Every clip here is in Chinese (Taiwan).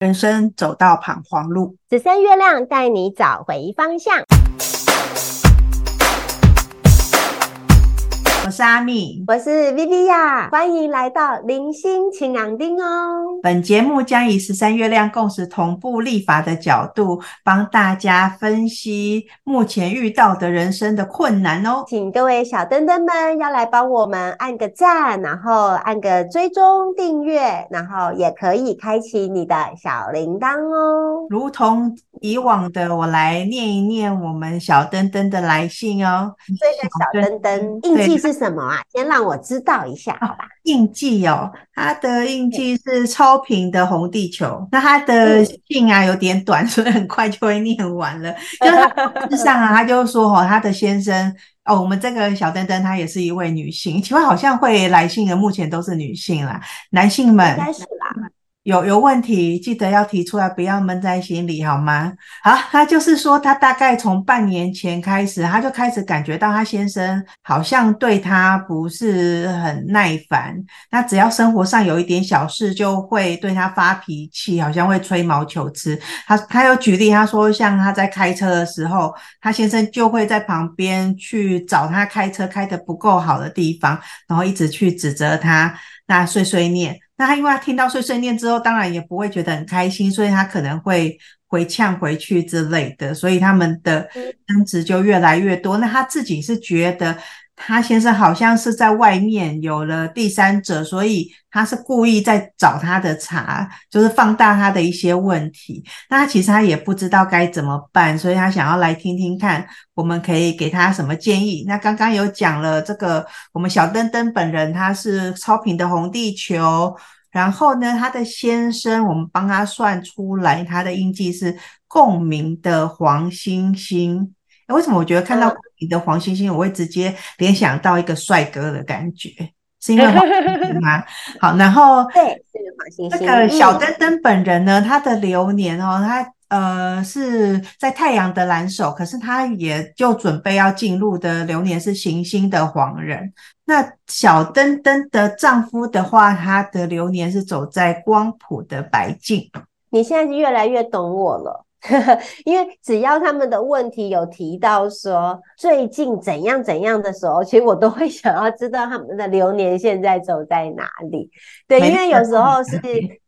人生走到彷徨路，13月亮帶你找回方向。我是阿密，我是 Viviya，歡迎來到人生 A 青紅燈哦。本節目將以十三月亮共時同步曆法的角度，幫大家分析目前遇到的人生的困難哦。請各位小燈燈們要來幫我們按個讚，然後按個追蹤訂閱，然後也可以開啟你的小鈴鐺哦。如同以往的，我來念一念我們小燈燈的來信哦。這個小燈燈印記是。什麼啊？先讓我知道一下，好吧？啊、印記哦，他的印記是超頻的紅地球。嗯、那他的信啊有點短，所以很快就會念完了。嗯、就是上啊，他就說哦， 他的先生哦，我們這個小燈燈他也是一位女性。請問好像會來信的，目前都是女性啦，男性們啦。應該是有有問題，記得要提出來，不要悶在心裡，好嗎？好，他就是說，他大概從半年前開始，他就開始感覺到他先生好像對他不是很耐煩。那只要生活上有一點小事，就會對他發脾氣，好像會吹毛求疵。他他有舉例，他說像他在開車的時候，他先生就會在旁邊去找他開車開得不夠好的地方，然後一直去指責他，那碎碎念。那他因為他聽到碎碎念之後，當然也不會覺得很開心，所以他可能會回嗆回去之類的，所以他們的爭執就越來越多。那他自己是覺得。他先生好像是在外面有了第三者，所以他是故意在找他的茬，就是放大他的一些問題。那她其實他也不知道該怎麼辦，所以他想要來聽聽看，我們可以給他什麼建議。那剛剛有講了這個，我們小燈燈本人他是超頻的紅地球，然後呢，他的先生我們幫他算出來，他的印記是共鳴的黃星星。欸，為什麼我覺得看到？你的黃星星，我會直接聯想到一個帥哥的感覺，是因為星星嗎？ 好，然後對這個黃星星，這個小燈燈本人呢，嗯、他的流年哦、喔，他呃是在太陽的藍手，可是他也就準備要進入的流年是行星的黃人。那小燈燈的丈夫的話，他的流年是走在光譜的白鏡。你現在是越來越懂我了。呵呵， 因為只要他們的問題有提到說最近怎樣怎樣的時候，其實我都會想要知道他們的流年現在走在哪裡。對，因為有時候是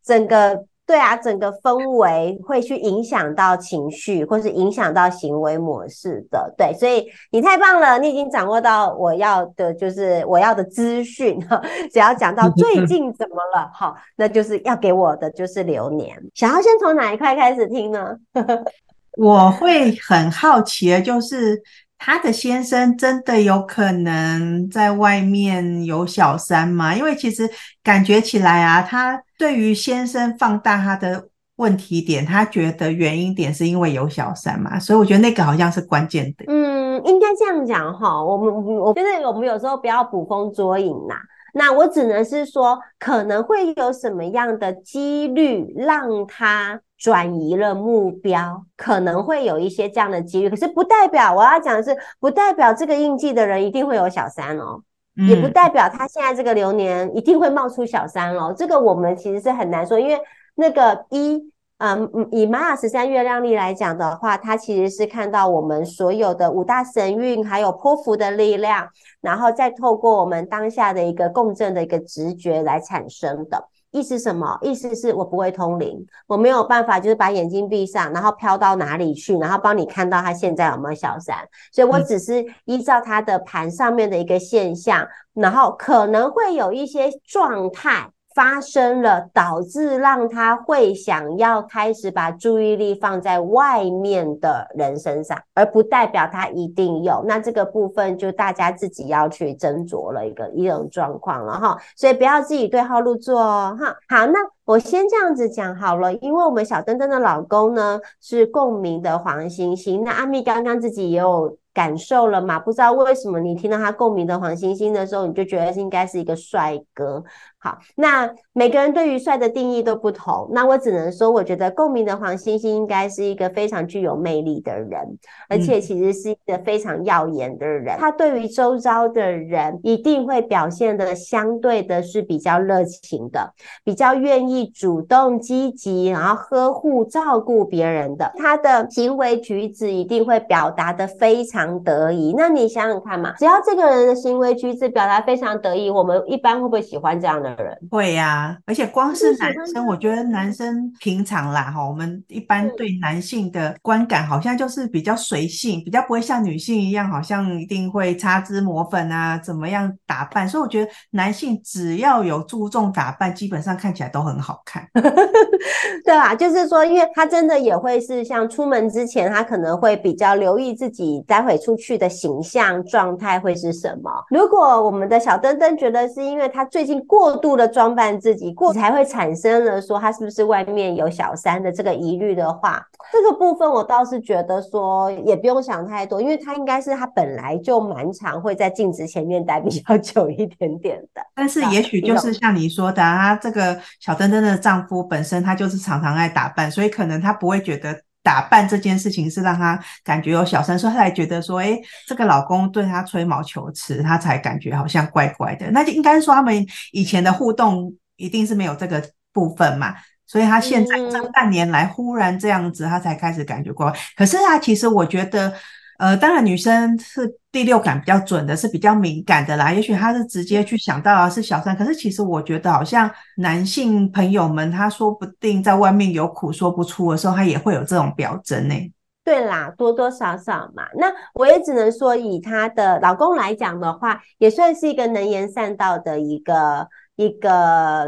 整個。對啊，整個氛圍會去影響到情緒，或是影響到行為模式的。對，所以你太棒了，你已經掌握到我要的，就是我要的資訊哈。只要講到最近怎麼了，好， 那就是要給我的就是流年。想要先從哪一塊開始聽呢？ 我會很好奇，就是。她的先生真的有可能在外面有小三嗎？因為其實感覺起來啊，她對於先生放大他的問題點，她覺得原因點是因為有小三嘛，所以我覺得那個好像是關鍵點。嗯，應該這樣講哈、哦，我們，我覺得我們有時候不要捕風捉影啦、啊、那我只能是說，可能會有什麼樣的幾率讓他。轉移了目標，可能會有一些這樣的機遇，可是不代表我要講的是，不代表這個印記的人一定會有小三哦，嗯、也不代表他現在這個流年一定會冒出小三哦。這個我們其實是很難說，因為那個一，嗯，以瑪雅十三月亮曆來講的話，它其實是看到我們所有的五大神諭，還有波符的力量，然後再透過我們當下的一個共振的一個直覺來產生的。意思什麼？意思是我不會通靈，我沒有辦法，就是把眼睛閉上，然後飄到哪裡去，然後幫你看到他現在有沒有小三。所以我只是依照他的盤上面的一個現象，嗯、然後可能會有一些狀態。發生了，導致讓他會想要開始把注意力放在外面的人身上，而不代表他一定有。那這個部分就大家自己要去斟酌了，一個一種狀況了哈。所以不要自己對號入座哦哈。好，那我先這樣子講好了，因為我們小燈燈的老公呢，是共鳴的黃星星。那阿咪剛剛自己也有感受了嘛？不知道為什麼你聽到他共鳴的黃星星的時候，你就覺得應該是一個帥哥。好，那每個人對於帥的定義都不同。那我只能說，我覺得共鳴的黃星星應該是一個非常具有魅力的人，而且其實是一個非常耀眼的人。嗯、他對於周遭的人一定會表現的相對的是比較熱情的，比較願意主動積極，然後呵護照顧別人的。他的行為舉止一定會表達的非常得宜。那你想想看嘛，只要這個人的行為舉止表達非常得宜，我們一般會不會喜歡這樣的？會呀、啊，而且光是男生，嗯、我覺得男生平常啦，哈，我們一般對男性的觀感好像就是比較隨性，比較不會像女性一樣，好像一定會擦脂抹粉啊，怎麼樣打扮。所以我覺得男性只要有注重打扮，基本上看起來都很好看， 對吧、啊？就是說，因為他真的也會是像出門之前，他可能會比較留意自己待會出去的形象狀態會是什麼。如果我們的小燈燈覺得是因為他最近過。度的裝扮自己過，才會產生了說他是不是外面有小三的這個疑慮的話，這個部分我倒是覺得說也不用想太多，因為他應該是他本來就蠻常會在鏡子前面待比較久一點點的。但是也許就是像你說的啊，這個小燈燈的丈夫本身他就是常常愛打扮，所以可能他不會覺得。打扮這件事情是讓她感覺有小三，所以她才覺得說，誒，這個老公對她吹毛求疵，她才感覺好像怪怪的。那就應該說，他們以前的互動一定是沒有這個部分嘛，所以她現在這半年來忽然這樣子，她、嗯嗯、才開始感覺怪怪。可是啊，其實我覺得。呃，當然，女生是第六感比較準的，是比較敏感的啦。也許她是直接去想到啊，是小三，可是其實我覺得好像男性朋友們，他說不定在外面有苦說不出的時候，他也會有這種表徵呢、欸。對啦，多多少少嘛。那我也只能說，以她的老公來講的話，也算是一個能言善道的一個。一個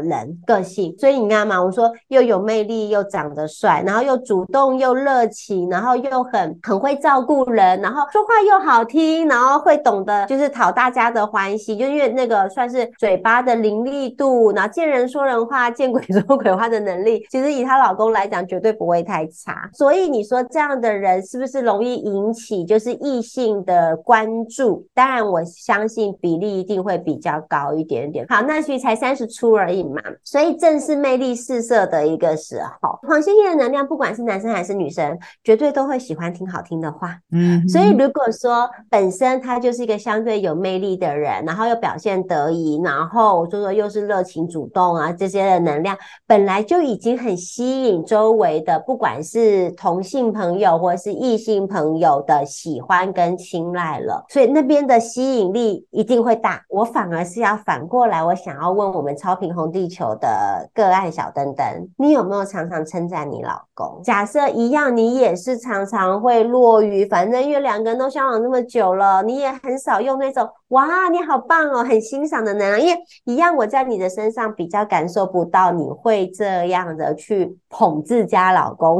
人個性，所以你看嘛，我們說又有魅力，又長得帥，然後又主動，又熱情，然後又很很會照顧人，然後說話又好聽，然後會懂得就是討大家的歡喜，就因為那個算是嘴巴的伶俐度，然後見人說人話，見鬼說鬼話的能力，其實以她老公來講，絕對不會太差。所以你說這樣的人是不是容易引起就是異性的關注？當然，我相信比例一定會比較高一點點。好，那徐才。三十出而已嘛，所以正是魅力四射的一個時候。黃星星的能量，不管是男生還是女生，絕對都會喜歡聽好聽的話。嗯、mm，hmm. 所以如果說本身他就是一個相對有魅力的人，然後又表現得宜，然後就說又是熱情主動啊，這些的能量本來就已經很吸引周圍的，不管是同性朋友或者是異性朋友的喜歡跟青睞了。所以那邊的吸引力一定會大。我反而是要反過來，我想要問。我們超頻紅地球的個案小燈燈，你有沒有常常稱讚你老公？假設一樣，你也是常常會落雨，反正因為兩個人都交往那麼久了，你也很少用那種。哇，你好棒哦，很欣賞的能量，因為一樣，我在你的身上比較感受不到，你會這樣的去捧自家老公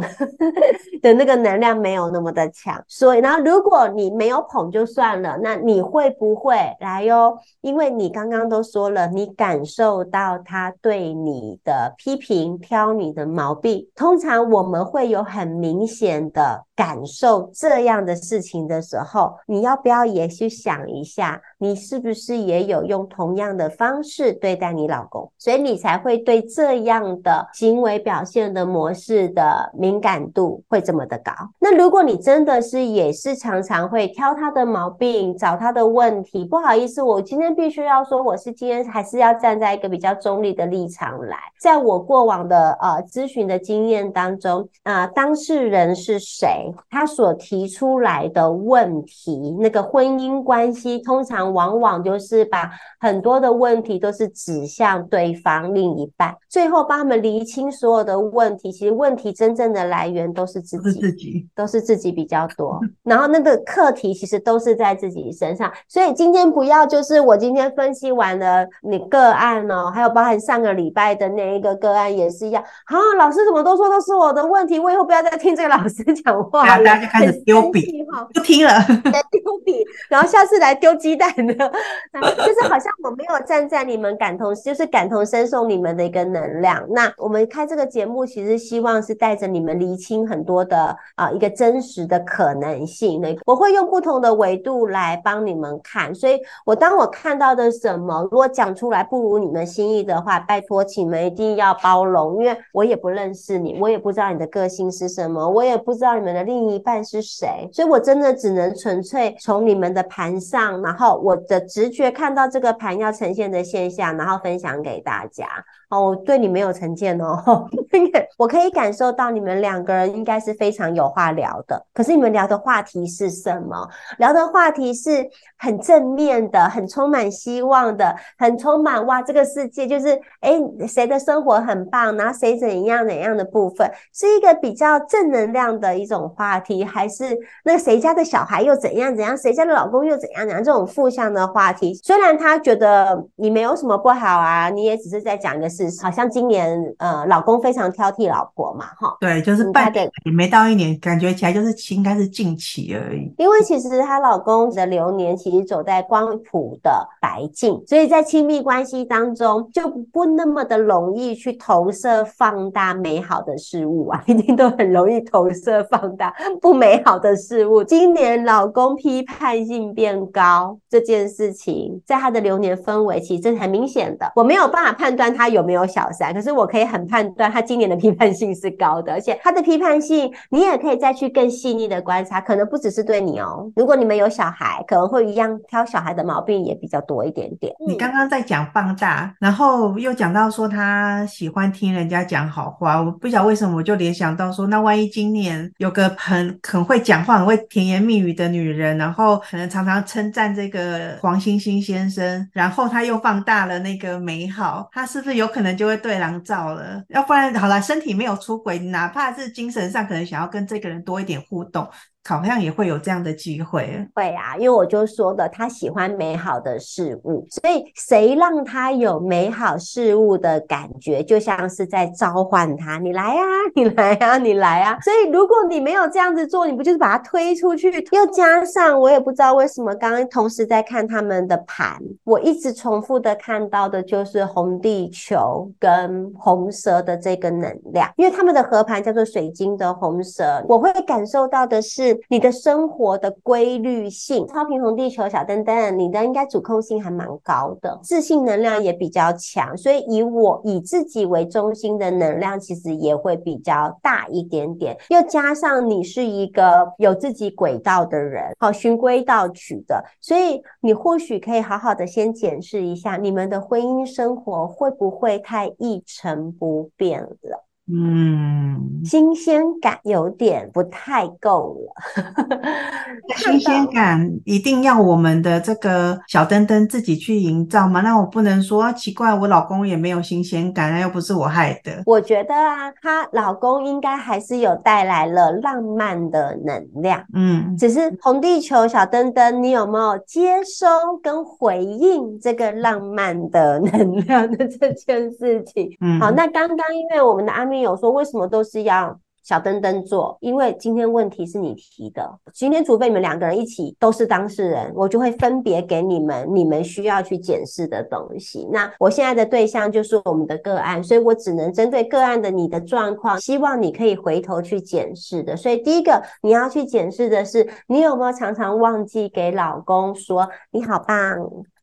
的 那個能量沒有那麼的強，所以，然後如果你沒有捧就算了，那你會不會來喲哦？因為你剛剛都說了，你感受到他對你的批評，挑你的毛病，通常我們會有很明顯的感受這樣的事情的時候，你要不要也去想一下？你是不是也有用同樣的方式對待你老公？所以你才會對這樣的行為表現的模式的敏感度會這麼的高？那如果你真的是也是常常會挑他的毛病、找他的問題，不好意思，我今天必須要說，我是今天還是要站在一個比較中立的立場來，在我過往的呃諮詢的經驗當中，啊、呃，當事人是誰？他所提出來的問題，那個婚姻關係通常。往往就是把很多的問題都是指向對方另一半，最後幫他們釐清所有的問題。其實問題真正的來源都是自己，都是自己比較多。然後那個課題其實都是在自己身上。所以今天不要，就是我今天分析完了你個案哦、喔，還有包含上個禮拜的那一個個案也是一樣。好，老師怎麼都說都是我的問題，我以後不要再聽這個老師講話。大家就開始丟筆不聽了，來丟筆，然後下次來丟雞蛋。 就是好像我沒有站在你們感同，就是感同身受你們的一個能量。那我們開這個節目，其實希望是帶着你們釐清很多的啊、呃、一個真實的可能性。我會用不同的維度來幫你們看。所以，我當我看到的什麼，如果講出來不如你們心意的話，拜托，請你們一定要包容，因為我也不認識你，我也不知道你的個性是什麼，我也不知道你們的另一半是誰。所以我真的只能純粹從你們的盤上，然後。我的直覺看到這個盤要呈現的現象，然後分享給大家。哦，我對你沒有成見哦。 我可以感受到你們兩個人應該是非常有話聊的。可是你們聊的話題是什麼？聊的話題是很正面的，很充滿希望的，很充滿哇，這個世界就是哎，誰的生活很棒，然後誰怎樣怎樣的部分，是一個比較正能量的一種話題，還是那誰家的小孩又怎樣怎樣，誰家的老公又怎樣怎樣這種負？像的話題，雖然他覺得你沒有什麼不好啊，你也只是在講一個事實。好像今年，呃，老公非常挑剔老婆嘛，哈，對，就是半點也沒到一年，感覺起來就是應該是近期而已。因為其實她老公的流年其實走在光譜的白鏡，所以在親密關係當中就不那麼的容易去投射放大美好的事物啊，一定都很容易投射放大不美好的事物。今年老公批判性變高，這。這件事情在他的流年氛圍，其實是很明顯的。我沒有辦法判斷他有沒有小三，可是我可以很判斷他今年的批判性是高的，而且他的批判性，你也可以再去更細膩的觀察，可能不只是對你哦。如果你們有小孩，可能會一樣挑小孩的毛病也比較多一點點。你剛剛在講放大，然後又講到說他喜歡聽人家講好話，我不曉得為什麼，我就聯想到說，那萬一今年有個很很會講話、很會甜言蜜語的女人，然後可能常常稱讚這個。呃，黃星星先生，然後他又放大了那個美好，他是不是有可能就會對狼照了？要不然好了，身體沒有出軌，哪怕是精神上可能想要跟這個人多一點互動。好像也會有這樣的機會，會啊，因為我就說的，他喜歡美好的事物，所以誰讓他有美好事物的感覺，就像是在召喚他，你來啊，你來啊，你來啊。所以如果你沒有這樣子做，你不就是把他推出去？又加上我也不知道為什麼，剛剛同時在看他們的盤，我一直重複的看到的就是紅地球跟紅蛇的這個能量，因為他們的合盤叫做水晶的紅蛇，我會感受到的是。你的生活的規律性，超頻紅地球小燈燈，你的應該主控性還蠻高的，自信能量也比較強，所以以我以自己為中心的能量其實也會比較大一點點。又加上你是一個有自己軌道的人，好，循規蹈矩的，所以你或許可以好好的先檢視一下，你們的婚姻生活會不會太一成不變了？嗯，新鮮感有點不太夠了。 了新鮮感一定要我們的這個小燈燈自己去營造嗎？那我不能說奇怪，我老公也沒有新鮮感，又不是我害的。我覺得啊，她老公應該還是有帶來了浪漫的能量，嗯，只是紅地球小燈燈，你有沒有接收跟回應這個浪漫的能量的這件事情？嗯，好，那剛剛因為我們的阿。有說為什麼都是要小燈燈做？因為今天問題是你提的。今天除非你們兩個人一起都是當事人，我就會分別給你們你們需要去檢視的東西。那我現在的對象就是我們的個案，所以我只能針對個案的你的狀況，希望你可以回頭去檢視的。所以第一個你要去檢視的是，你有沒有常常忘記給老公說你好棒？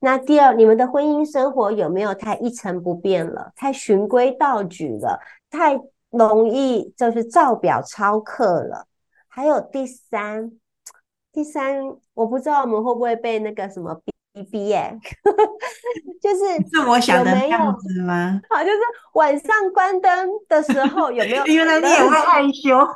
那第二，你們的婚姻生活有沒有太一成不變了？太循規蹈矩了？太容易就是照表操課了，還有第三，第三，我不知道我們會不會被那個什麼 B B a 就是有有是我想的樣子嗎？好、啊，就是晚上關燈的時候有沒有？ 原來你也會害羞。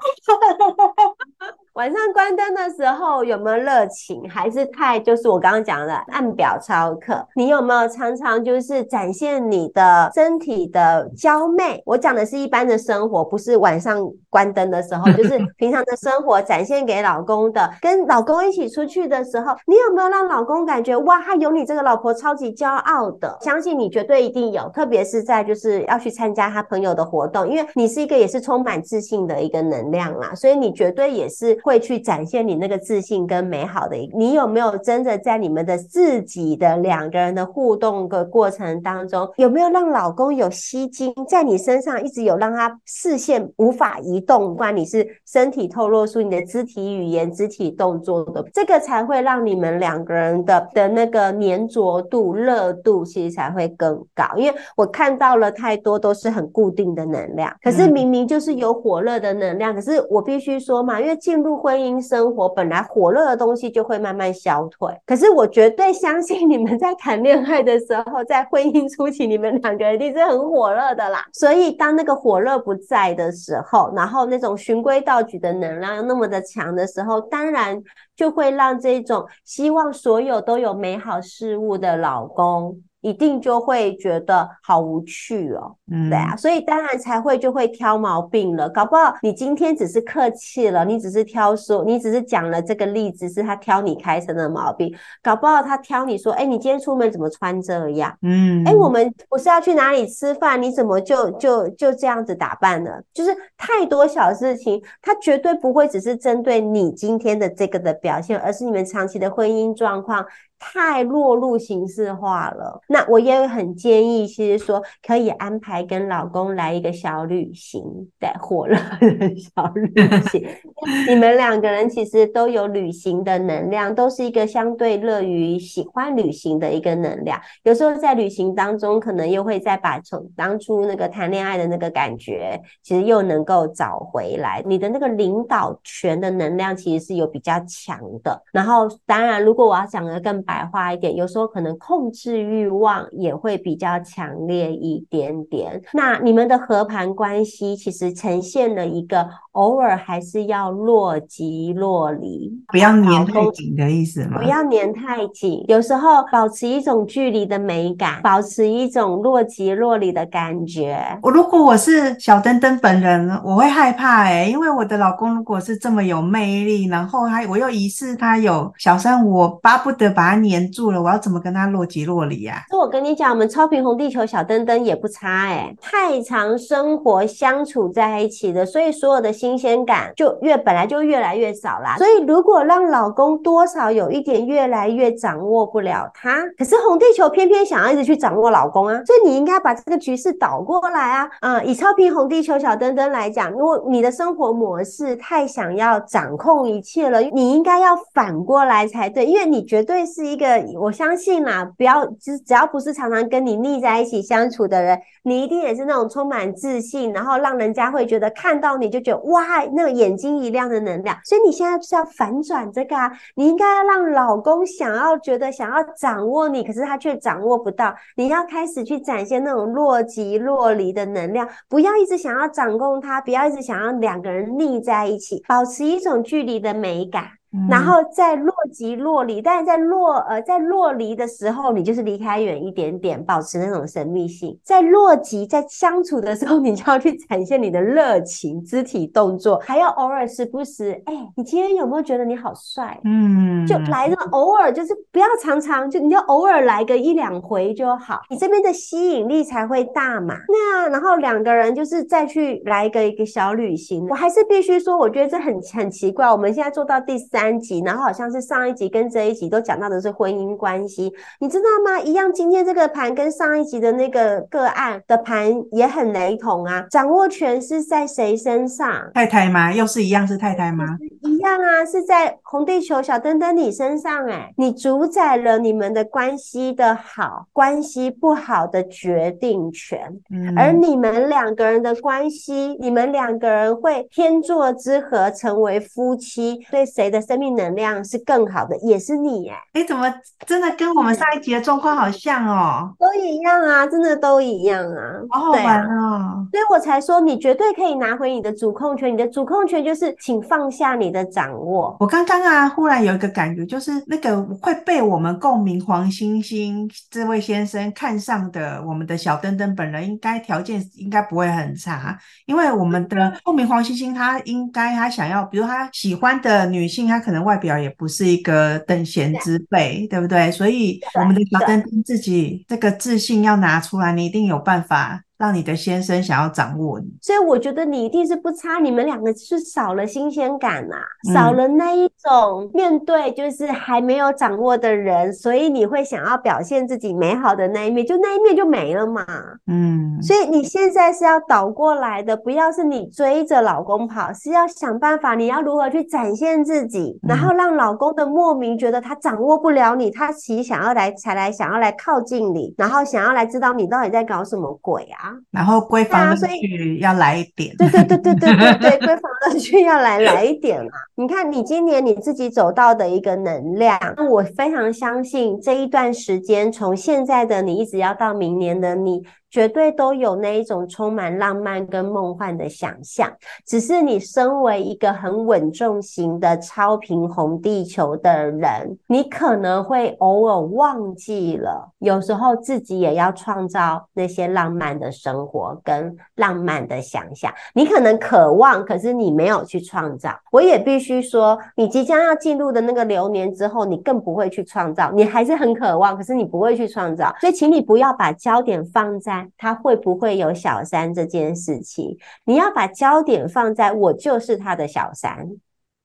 晚上關燈的時候有沒有熱情？還是太就是我剛剛講的按表操課？你有沒有常常就是展現你的身體的嬌媚？我講的是一般的生活，不是晚上關燈的時候，就是平常的生活展現給老公的。跟老公一起出去的時候，你有沒有讓老公感覺哇，他有你這個老婆超級驕傲的？相信你絕對一定有，特別是在就是要去參加他朋友的活動，因為你是一個也是充滿自信的一個能量啦，所以你絕對也是。會去展現你那個自信，跟美好的你，你有沒有真的在你們的自己的兩個人的互動的過程當中，有沒有讓老公有吸睛，在你身上一直有讓他視線無法移動？不管你是身體透露出你的肢體語言、肢體動作的，這個才會讓你們兩個人的的那個粘着度、熱度其實才會更高。因為我看到了太多都是很固定的能量，可是明明就是有火熱的能量，可是我必須說嘛，因為進入。婚姻生活本來火熱的東西就會慢慢消退，可是我絕對相信你們在談戀愛的時候，在婚姻初期你們兩個人一定是很火熱的啦。所以當那個火熱不在的時候，然後那種循規蹈矩的能量又那麼的強的時候，當然就會讓這種希望所有都有美好事物的老公。一定就會覺得好無趣哦、喔，對啊，所以當然才會就會挑毛病了。搞不好你今天只是客氣了，你只是挑說，你只是講了這個例子是他挑你開車的毛病，搞不好他挑你說，哎，你今天出門怎麼穿這樣？嗯，哎，我們不是要去哪裡吃飯，你怎麼就就就這樣子打扮呢？就是太多小事情，他絕對不會只是針對你今天的這個的表現，而是你們長期的婚姻狀況。太落入形式化了，那我也很建議，其實說可以安排跟老公來一個小旅行，對，或熱小旅行。 你們兩個人其實都有旅行的能量，都是一個相對樂於喜歡旅行的一個能量。有時候在旅行當中，可能又會再把從當初那個談戀愛的那個感覺，其實又能夠找回來。你的那個領導權的能量其實是有比較強的。然後，當然，如果我要講的更白話一點，有時候可能控制欲望也會比較強烈一點點。那你們的合盤關係其實呈現了一個偶爾還是要若即若離，不要粘太緊的意思嗎？不要粘太緊，有時候保持一種距離的美感，保持一種若即若離的感覺。我如果我是小燈燈本人，我會害怕誒、欸，因為我的老公如果是這麼有魅力，然後還我又疑似他有小三，我巴不得把他。粘住了，我要怎麼跟他若即若離啊？那我跟你講，我們超頻紅地球小燈燈也不差哎、欸，太常生活相處在一起的，所以所有的新鮮感就越本來就越來越少啦。所以如果讓老公多少有一點越來越掌握不了他，可是紅地球偏偏想要一直去掌握老公啊，所以你應該把這個局勢倒過來啊，啊、嗯，以超頻紅地球小燈燈來講，如果你的生活模式太想要掌控一切了，你應該要反過來才對，因為你絕對是。是一個，我相信啦，不要，就是只要不是常常跟你膩在一起相處的人，你一定也是那種充滿自信，然後讓人家會覺得看到你就覺得哇，那個眼睛一亮的能量。所以你現在就是要反轉這個啊，你應該要讓老公想要覺得想要掌握你，可是他卻掌握不到。你要開始去展現那種若即若離的能量，不要一直想要掌控他，不要一直想要兩個人膩在一起，保持一種距離的美感。然後再若即若離，但是在若呃在若離的時候，你就是離開遠一點點，保持那種神秘性。在若即在相處的時候，你就要去展現你的熱情、肢體動作，還要偶爾時不時，哎、欸，你今天有沒有覺得你好帥？嗯，就來個偶爾，就是不要常常，就你就偶爾來個一兩回就好，你這邊的吸引力才會大嘛。那然後兩個人就是再去來一個一個小旅行。我還是必須說，我覺得這很很奇怪，我們現在做到第三。三集，然後好像是上一集跟這一集都講到的是婚姻關係，你知道嗎？一樣，今天這個盤跟上一集的那個個案的盤也很雷同啊。掌握權是在誰身上？太太嗎？又是一樣，是太太嗎？一樣啊，是在紅地球小燈燈你身上哎、欸，你主宰了你們的關係的好，關係不好的決定權。嗯，而你們兩個人的關係，你們兩個人會天作之合，成為夫妻，對誰的身。生命能量是更好的，也是你哎、欸！你、欸、怎麼真的跟我們上一集的狀況好像哦、嗯？都一樣啊，真的都一樣啊，好、哦、好玩、哦、啊！對啊，所以我才說，你絕對可以拿回你的主控權。你的主控權就是，請放下你的掌握。我剛剛啊，忽然有一個感覺，就是那個會被我們共鳴黃星星這位先生看上的我們的小燈燈本人，應該條件應該不會很差，因為我們的共鳴黃星星他應該他想要，比如他喜歡的女性。他可能外表也不是一個等閒之輩，對，對不對？所以我們的小燈燈自己這個自信要拿出來，你一定有辦法。讓你的先生想要掌握你，所以我覺得你一定是不差，你們兩個是少了新鮮感吶、啊，少了那一種面對，就是還沒有掌握的人，嗯、所以你會想要表現自己美好的那一面，就那一面就沒了嘛。嗯，所以你現在是要倒過來的，不要是你追着老公跑，是要想辦法，你要如何去展現自己，嗯、然後讓老公的莫名覺得他掌握不了你，他其實想要來才來，想要來靠近你，然後想要來知道你到底在搞什麼鬼啊。然後，閨房，樂趣、啊、所以要來一點。對對對對對對對， 閨房樂趣要來 來一點嘛。你看，你今年你自己走到的一個能量，那我非常相信這一段時間，從現在的你一直要到明年的你。絕對都有那一種充滿浪漫跟夢幻的想象，只是你身為一個很穩重型的超平紅地球的人，你可能會偶爾忘記了，有時候自己也要創造那些浪漫的生活跟浪漫的想象。你可能渴望，可是你沒有去創造。我也必須說，你即將要進入的那個流年之後，你更不會去創造，你還是很渴望，可是你不會去創造。所以，請你不要把焦點放在。他會不會有小三這件事情？你要把焦點放在我就是他的小三，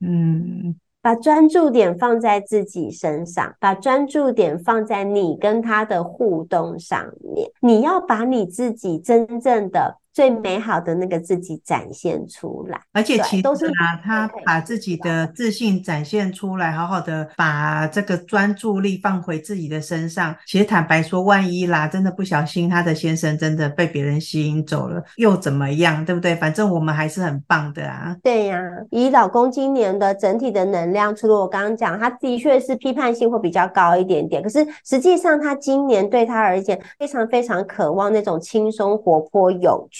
嗯，把專注點放在自己身上，把專注點放在你跟他的互動上面。你要把你自己真正的。最美好的那個自己展現出來，而且其實、啊、對都是拿他把自己的自信展現出來，好好的把這個專注力放回自己的身上。其實坦白說，萬一啦，真的不小心，他的先生真的被別人吸引走了，又怎麼樣？對不對？反正我們還是很棒的啊。對呀、啊，以老公今年的整體的能量，除了我剛剛講，他的確是批判性會比較高一點點，可是實際上他今年對他而言，非常非常渴望那種輕鬆、活潑、有趣。放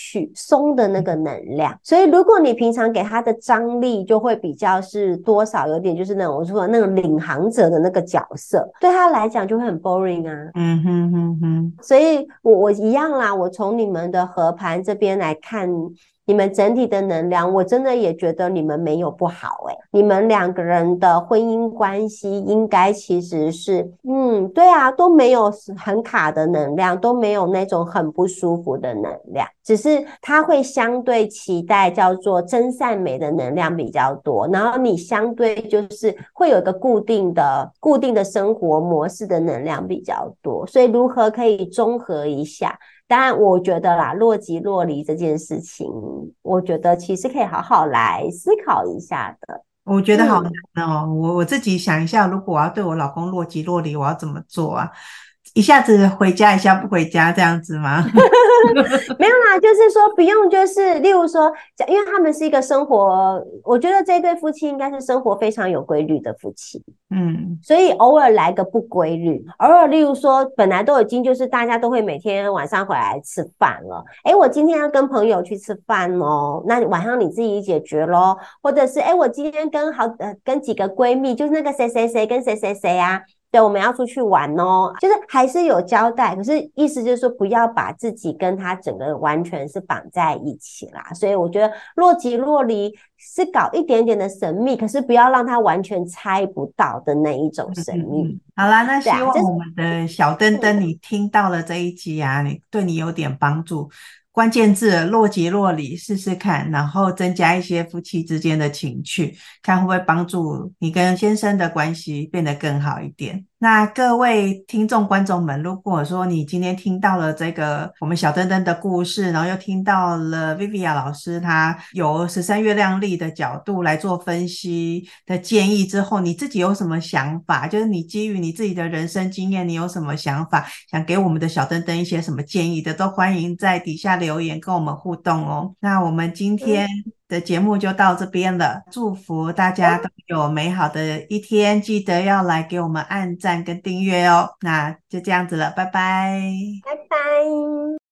鬆的那個能量，所以如果你平常給他的張力就會比較是多少有點就是那種我說那種領航者的那個角色，對他來講就會很 boring 啊。嗯哼哼哼，所以我我一樣啦，我從你們的合盤這邊來看。你們整體的能量，我真的也覺得你們沒有不好誒、欸。你們兩個人的婚姻關係應該其實是，嗯，對啊，都沒有很卡的能量，都沒有那種很不舒服的能量。只是他會相對期待叫做真善美的能量比較多，然後你相對就是會有一個固定的、固定的生活模式的能量比較多。所以如何可以綜合一下？但我覺得啦，若即若離這件事情，我覺得其實可以好好來思考一下的。我覺得好難哦，我、嗯、我自己想一下，如果我要對我老公若即若離，我要怎麼做啊？一下子回家，一下不回家，這樣子嗎？ 沒有啦，就是說不用，就是例如說，因為他們是一個生活，我覺得這對夫妻應該是生活非常有規律的夫妻，嗯，所以偶爾來個不規律，偶爾例如說，本來都已經就是大家都會每天晚上回來吃飯了，誒，我今天要跟朋友去吃飯哦，那晚上你自己解決咯。或者是，誒，我今天跟好，呃，跟幾個閨蜜，就是那個誰誰誰跟誰誰誰啊。對，我們要出去玩哦，就是還是有交代，可是意思就是說不要把自己跟他整個完全是綁在一起啦。所以我覺得若即若離是搞一點點的神秘，可是不要讓他完全猜不到的那一種神秘。嗯，好啦，那希望我們的小燈燈你聽到了這一集啊，你對你有點幫助。關鍵字若即若離，試試看，然後增加一些夫妻之間的情趣，看會不會幫助你跟先生的關係變得更好一點。那各位聽眾觀眾們，如果說你今天聽到了這個我們小燈燈的故事，然後又聽到了 Viviya 老師她由十三月亮曆的角度來做分析的建議之後，你自己有什麼想法？就是你基於你自己的人生經驗，你有什麼想法，想給我們的小燈燈一些什麼建議的，都歡迎在底下留言跟我們互動哦。那我們今天的節目就到這邊了，祝福大家都有美好的一天，記得要來給我們按讚跟訂閱哦，那就這樣子了，拜拜，拜拜。